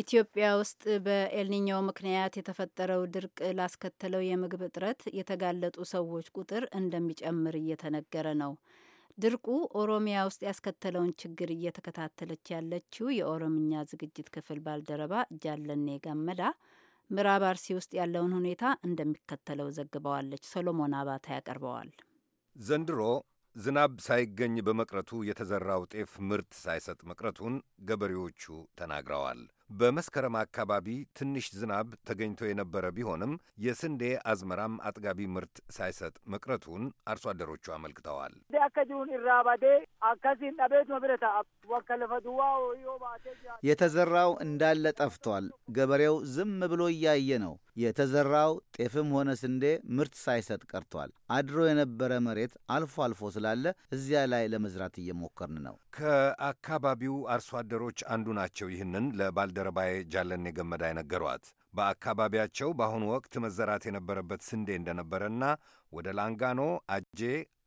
ኢትዮጵያ ውስጥ በኤልኒኛው ምክንያት የተፈጠረው ድርቅ ላስከተለው የምግብ እጥረት የተጋለጡ ሰዎች ቁጥር እንደሚጨምር እየተነገረ ነው። ድርቁ ኦሮሚያ ውስጥ ያስከተለውን ችግር እየተከታተለች ያለችው የኦሮምኛ ዝግጅት ክፍል ባልደረባ ጃለኔ ገመዳ ምዕራብ አርሲ ውስጥ ያለውን ሁኔታ እንደሚከተለው ዘግበዋለች። ሰሎሞን አባታ ያቀርበዋል። ዘንድሮ ዝናብ ሳይገኝ በመቅረቱ የተዘራው ጤፍ ምርት ሳይሰጥ መቅረቱን ገበሬዎቹ ተናግረዋል። በመስከረም አካባቢ ትንሽ ዝናብ ተገኝቶ የነበረ ቢሆንም የስንዴ አዝመራም አጥጋቢ ምርት ሳይሰጥ መቅረቱን አርሶ አደሮቹ አመልክተዋል። የተዘራው እንዳለ ጠፍቷል። ገበሬው ዝም ብሎ እያየ ነው። የተዘራው ጤፍም ሆነ ስንዴ ምርት ሳይሰጥ ቀርቷል። አድሮ የነበረ መሬት አልፎ አልፎ ስላለ እዚያ ላይ ለመዝራት እየሞከርን ነው። ከአካባቢው አርሶ አደሮች አንዱ ናቸው። ይህንን ለባልደረባዬ ጃለኔ ገመዳ የነገሯት በአካባቢያቸው በአሁኑ ወቅት መዘራት የነበረበት ስንዴ እንደነበረና ወደ ላንጋኖ፣ አጄ፣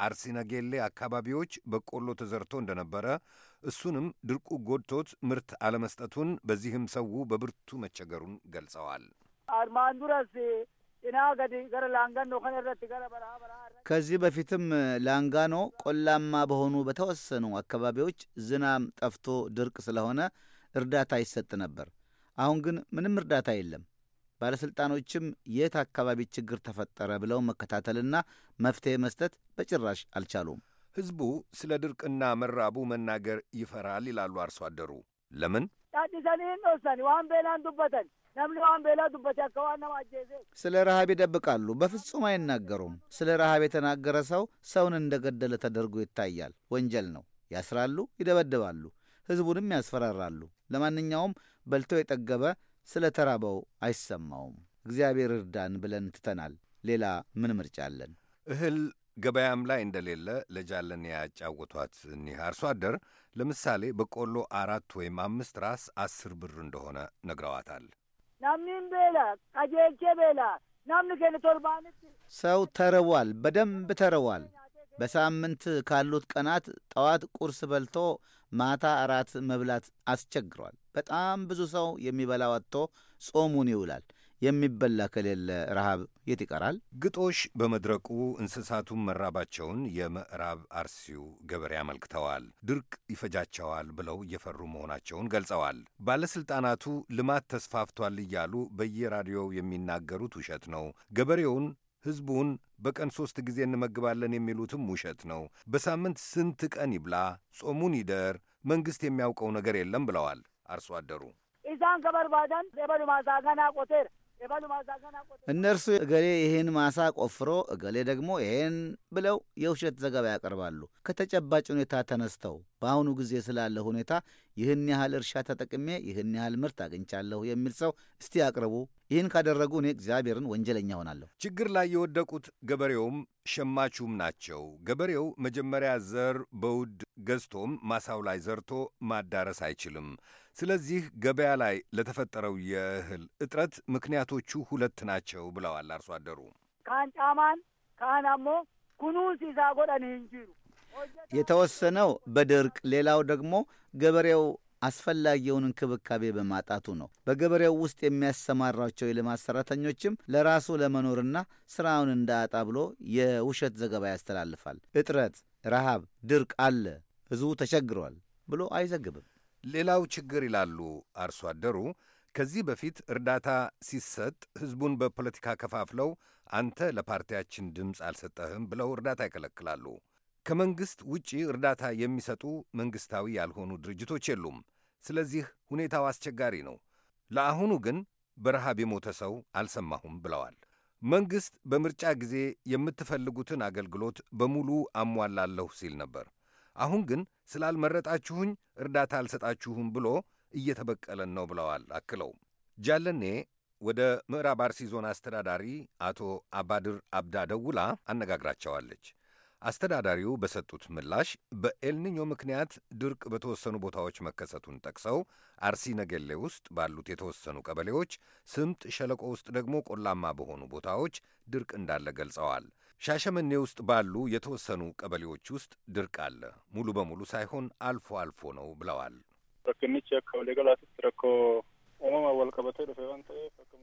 አርሲነጌሌ አካባቢዎች በቆሎ ተዘርቶ እንደነበረ እሱንም ድርቁ ጎድቶት ምርት አለመስጠቱን በዚህም ሰው በብርቱ መቸገሩን ገልጸዋል። አድማን ዱረስ ገረ ላንጋኖ ከዚህ በፊትም ላንጋኖ ቆላማ በሆኑ በተወሰኑ አካባቢዎች ዝናም ጠፍቶ ድርቅ ስለሆነ እርዳታ ይሰጥ ነበር። አሁን ግን ምንም እርዳታ የለም። ባለሥልጣኖችም የት አካባቢ ችግር ተፈጠረ ብለው መከታተልና መፍትሔ መስጠት በጭራሽ አልቻሉም። ሕዝቡ ስለ ድርቅና መራቡ መናገር ይፈራል ይላሉ አርሶ አደሩ። ለምን ጣዲሰኒን ወሰን ዋን በላዱበት ያከዋና ስለ ረሃብ ይደብቃሉ። በፍጹም አይናገሩም። ስለ ረሃብ የተናገረ ሰው ሰውን እንደገደለ ተደርጎ ይታያል። ወንጀል ነው። ያስራሉ፣ ይደበድባሉ፣ ህዝቡንም ያስፈራራሉ። ለማንኛውም በልተው የጠገበ ስለ ተራበው አይሰማውም። እግዚአብሔር እርዳን ብለን ትተናል። ሌላ ምን ምርጫ አለን? እህል ገበያም ላይ እንደሌለ ለጃለን ያጫወቷት እኒህ አርሶ አደር ለምሳሌ በቆሎ አራት ወይም አምስት ራስ አስር ብር እንደሆነ ነግረዋታል። namnin ቤላ ቀጀቼ ቤላ ናምን ቶርባን ሰው ተርቧል፣ በደንብ ተርቧል። በሳምንት ካሉት ቀናት ጠዋት ቁርስ በልቶ ማታ እራት መብላት አስቸግሯል። በጣም ብዙ ሰው የሚበላ ወጥቶ ጾሙን ይውላል። የሚበላ ከሌለ ረሃብ የት ይቀራል? ግጦሽ በመድረቁ እንስሳቱን መራባቸውን የምዕራብ አርሲው ገበሬ አመልክተዋል። ድርቅ ይፈጃቸዋል ብለው እየፈሩ መሆናቸውን ገልጸዋል። ባለሥልጣናቱ ልማት ተስፋፍቷል እያሉ በየራዲዮው የሚናገሩት ውሸት ነው። ገበሬውን ሕዝቡን በቀን ሦስት ጊዜ እንመግባለን የሚሉትም ውሸት ነው። በሳምንት ስንት ቀን ይብላ? ጾሙን ይደር? መንግሥት የሚያውቀው ነገር የለም ብለዋል አርሶ አደሩ። እነርሱ እገሌ ይህን ማሳ ቆፍሮ እገሌ ደግሞ ይህን ብለው የውሸት ዘገባ ያቀርባሉ። ከተጨባጭ ሁኔታ ተነስተው በአሁኑ ጊዜ ስላለ ሁኔታ ይህን ያህል እርሻ ተጠቅሜ ይህን ያህል ምርት አግኝቻለሁ የሚል ሰው እስቲ አቅርቡ። ይህን ካደረጉ እኔ እግዚአብሔርን ወንጀለኛ ሆናለሁ። ችግር ላይ የወደቁት ገበሬውም ሸማቹም ናቸው። ገበሬው መጀመሪያ ዘር በውድ ገዝቶም ማሳው ላይ ዘርቶ ማዳረስ አይችልም። ስለዚህ ገበያ ላይ ለተፈጠረው የእህል እጥረት ምክንያቶቹ ሁለት ናቸው ብለዋል አርሶ አደሩ። ካን ጫማን ካን አሞ ኩኑን ጎዳን ይንጅሩ የተወሰነው በድርቅ ሌላው ደግሞ ገበሬው አስፈላጊውን እንክብካቤ በማጣቱ ነው። በገበሬው ውስጥ የሚያሰማራቸው የልማት ሠራተኞችም ለራሱ ለመኖርና ሥራውን እንዳያጣ ብሎ የውሸት ዘገባ ያስተላልፋል። እጥረት ረሃብ፣ ድርቅ አለ፣ ሕዝቡ ተቸግሯል ብሎ አይዘግብም። ሌላው ችግር ይላሉ አርሶ አደሩ ከዚህ በፊት እርዳታ ሲሰጥ ሕዝቡን በፖለቲካ ከፋፍለው አንተ ለፓርቲያችን ድምፅ አልሰጠህም ብለው እርዳታ ይከለክላሉ። ከመንግሥት ውጪ እርዳታ የሚሰጡ መንግሥታዊ ያልሆኑ ድርጅቶች የሉም። ስለዚህ ሁኔታው አስቸጋሪ ነው። ለአሁኑ ግን በረሃብ የሞተ ሰው አልሰማሁም ብለዋል። መንግሥት በምርጫ ጊዜ የምትፈልጉትን አገልግሎት በሙሉ አሟላለሁ ሲል ነበር። አሁን ግን ስላልመረጣችሁኝ እርዳታ አልሰጣችሁም ብሎ እየተበቀለን ነው ብለዋል። አክለው ጃለኔ ወደ ምዕራብ አርሲ ዞን አስተዳዳሪ አቶ አባድር አብዳ ደውላ አነጋግራቸዋለች። አስተዳዳሪው በሰጡት ምላሽ በኤልኒኞ ምክንያት ድርቅ በተወሰኑ ቦታዎች መከሰቱን ጠቅሰው አርሲ ነገሌ ውስጥ ባሉት የተወሰኑ ቀበሌዎች፣ ስምጥ ሸለቆ ውስጥ ደግሞ ቆላማ በሆኑ ቦታዎች ድርቅ እንዳለ ገልጸዋል። ሻሸመኔ ውስጥ ባሉ የተወሰኑ ቀበሌዎች ውስጥ ድርቅ አለ፣ ሙሉ በሙሉ ሳይሆን አልፎ አልፎ ነው ብለዋል።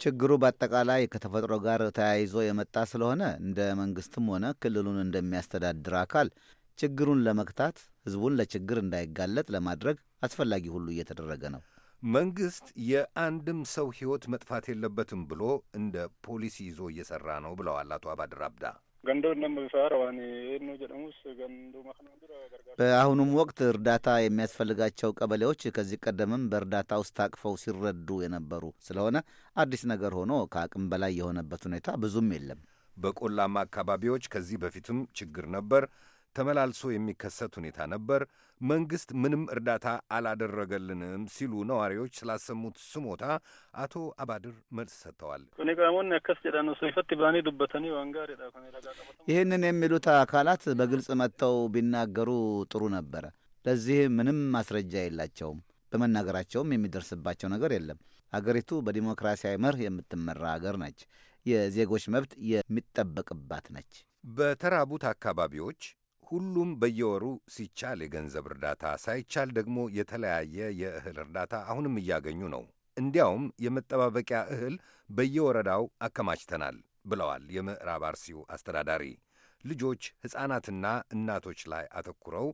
ችግሩ በአጠቃላይ ከተፈጥሮ ጋር ተያይዞ የመጣ ስለሆነ እንደ መንግስትም ሆነ ክልሉን እንደሚያስተዳድር አካል ችግሩን ለመግታት ህዝቡን ለችግር እንዳይጋለጥ ለማድረግ አስፈላጊ ሁሉ እየተደረገ ነው። መንግስት የአንድም ሰው ህይወት መጥፋት የለበትም ብሎ እንደ ፖሊሲ ይዞ እየሰራ ነው ብለዋል አቶ አባድር አብዳ። በአሁኑም ወቅት እርዳታ የሚያስፈልጋቸው ቀበሌዎች ከዚህ ቀደምም በእርዳታ ውስጥ አቅፈው ሲረዱ የነበሩ ስለሆነ አዲስ ነገር ሆኖ ከአቅም በላይ የሆነበት ሁኔታ ብዙም የለም። በቆላማ አካባቢዎች ከዚህ በፊትም ችግር ነበር። ተመላልሶ የሚከሰት ሁኔታ ነበር። መንግሥት ምንም እርዳታ አላደረገልንም ሲሉ ነዋሪዎች ስላሰሙት ስሞታ አቶ አባድር መልስ ሰጥተዋል። ይህንን የሚሉት አካላት በግልጽ መጥተው ቢናገሩ ጥሩ ነበረ። ለዚህ ምንም ማስረጃ የላቸውም። በመናገራቸውም የሚደርስባቸው ነገር የለም። አገሪቱ በዲሞክራሲያዊ መርህ የምትመራ አገር ነች። የዜጎች መብት የሚጠበቅባት ነች። በተራቡት አካባቢዎች ሁሉም በየወሩ ሲቻል የገንዘብ እርዳታ ሳይቻል ደግሞ የተለያየ የእህል እርዳታ አሁንም እያገኙ ነው። እንዲያውም የመጠባበቂያ እህል በየወረዳው አከማችተናል ብለዋል የምዕራብ አርሲው አስተዳዳሪ። ልጆች ሕፃናትና እናቶች ላይ አተኩረው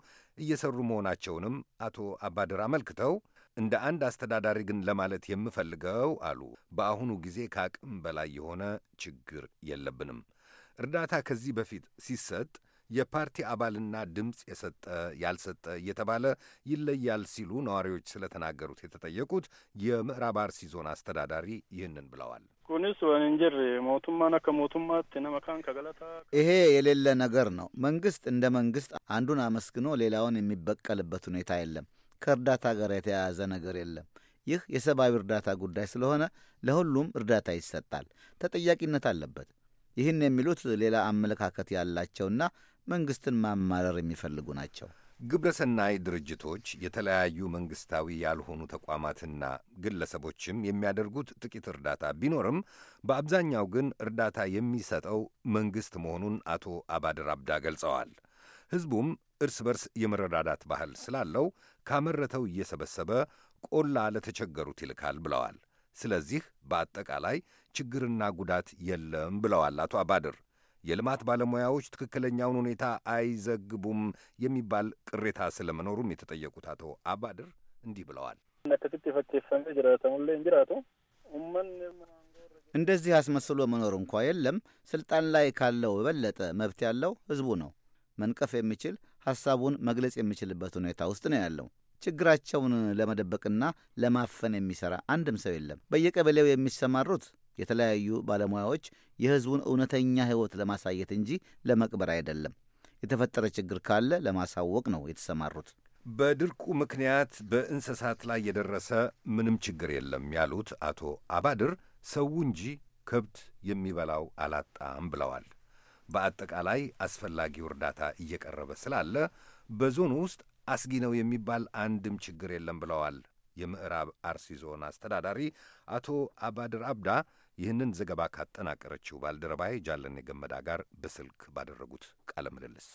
እየሰሩ መሆናቸውንም አቶ አባድር አመልክተው እንደ አንድ አስተዳዳሪ ግን ለማለት የምፈልገው አሉ፣ በአሁኑ ጊዜ ከአቅም በላይ የሆነ ችግር የለብንም። እርዳታ ከዚህ በፊት ሲሰጥ የፓርቲ አባልና ድምፅ የሰጠ ያልሰጠ እየተባለ ይለያል ሲሉ ነዋሪዎች ስለተናገሩት የተጠየቁት የምዕራብ አርሲ ዞን አስተዳዳሪ ይህንን ብለዋል። ይሄ የሌለ ነገር ነው። መንግስት እንደ መንግስት አንዱን አመስግኖ ሌላውን የሚበቀልበት ሁኔታ የለም። ከእርዳታ ጋር የተያያዘ ነገር የለም። ይህ የሰብአዊ እርዳታ ጉዳይ ስለሆነ ለሁሉም እርዳታ ይሰጣል። ተጠያቂነት አለበት። ይህን የሚሉት ሌላ አመለካከት ያላቸውና መንግስትን ማማረር የሚፈልጉ ናቸው። ግብረሰናይ ድርጅቶች፣ የተለያዩ መንግስታዊ ያልሆኑ ተቋማትና ግለሰቦችም የሚያደርጉት ጥቂት እርዳታ ቢኖርም በአብዛኛው ግን እርዳታ የሚሰጠው መንግስት መሆኑን አቶ አባድር አብዳ ገልጸዋል። ህዝቡም እርስ በርስ የመረዳዳት ባህል ስላለው ካመረተው እየሰበሰበ ቆላ ለተቸገሩት ይልካል ብለዋል። ስለዚህ በአጠቃላይ ችግርና ጉዳት የለም ብለዋል አቶ አባድር። የልማት ባለሙያዎች ትክክለኛውን ሁኔታ አይዘግቡም የሚባል ቅሬታ ስለመኖሩም የተጠየቁት አቶ አባድር እንዲህ ብለዋል። እንደዚህ አስመስሎ መኖር እንኳ የለም። ስልጣን ላይ ካለው የበለጠ መብት ያለው ህዝቡ ነው። መንቀፍ የሚችል ሐሳቡን መግለጽ የሚችልበት ሁኔታ ውስጥ ነው ያለው። ችግራቸውን ለመደበቅና ለማፈን የሚሠራ አንድም ሰው የለም። በየቀበሌው የሚሰማሩት የተለያዩ ባለሙያዎች የሕዝቡን እውነተኛ ሕይወት ለማሳየት እንጂ ለመቅበር አይደለም። የተፈጠረ ችግር ካለ ለማሳወቅ ነው የተሰማሩት። በድርቁ ምክንያት በእንስሳት ላይ የደረሰ ምንም ችግር የለም ያሉት አቶ አባድር ሰው እንጂ ከብት የሚበላው አላጣም ብለዋል። በአጠቃላይ አስፈላጊው እርዳታ እየቀረበ ስላለ በዞኑ ውስጥ አስጊ ነው የሚባል አንድም ችግር የለም ብለዋል። የምዕራብ አርሲ ዞን አስተዳዳሪ አቶ አባድር አብዳ ይህንን ዘገባ ካጠናቀረችው ባልደረባይ ጃለኔ ገመዳ ጋር በስልክ ባደረጉት ቃለ ምልልስ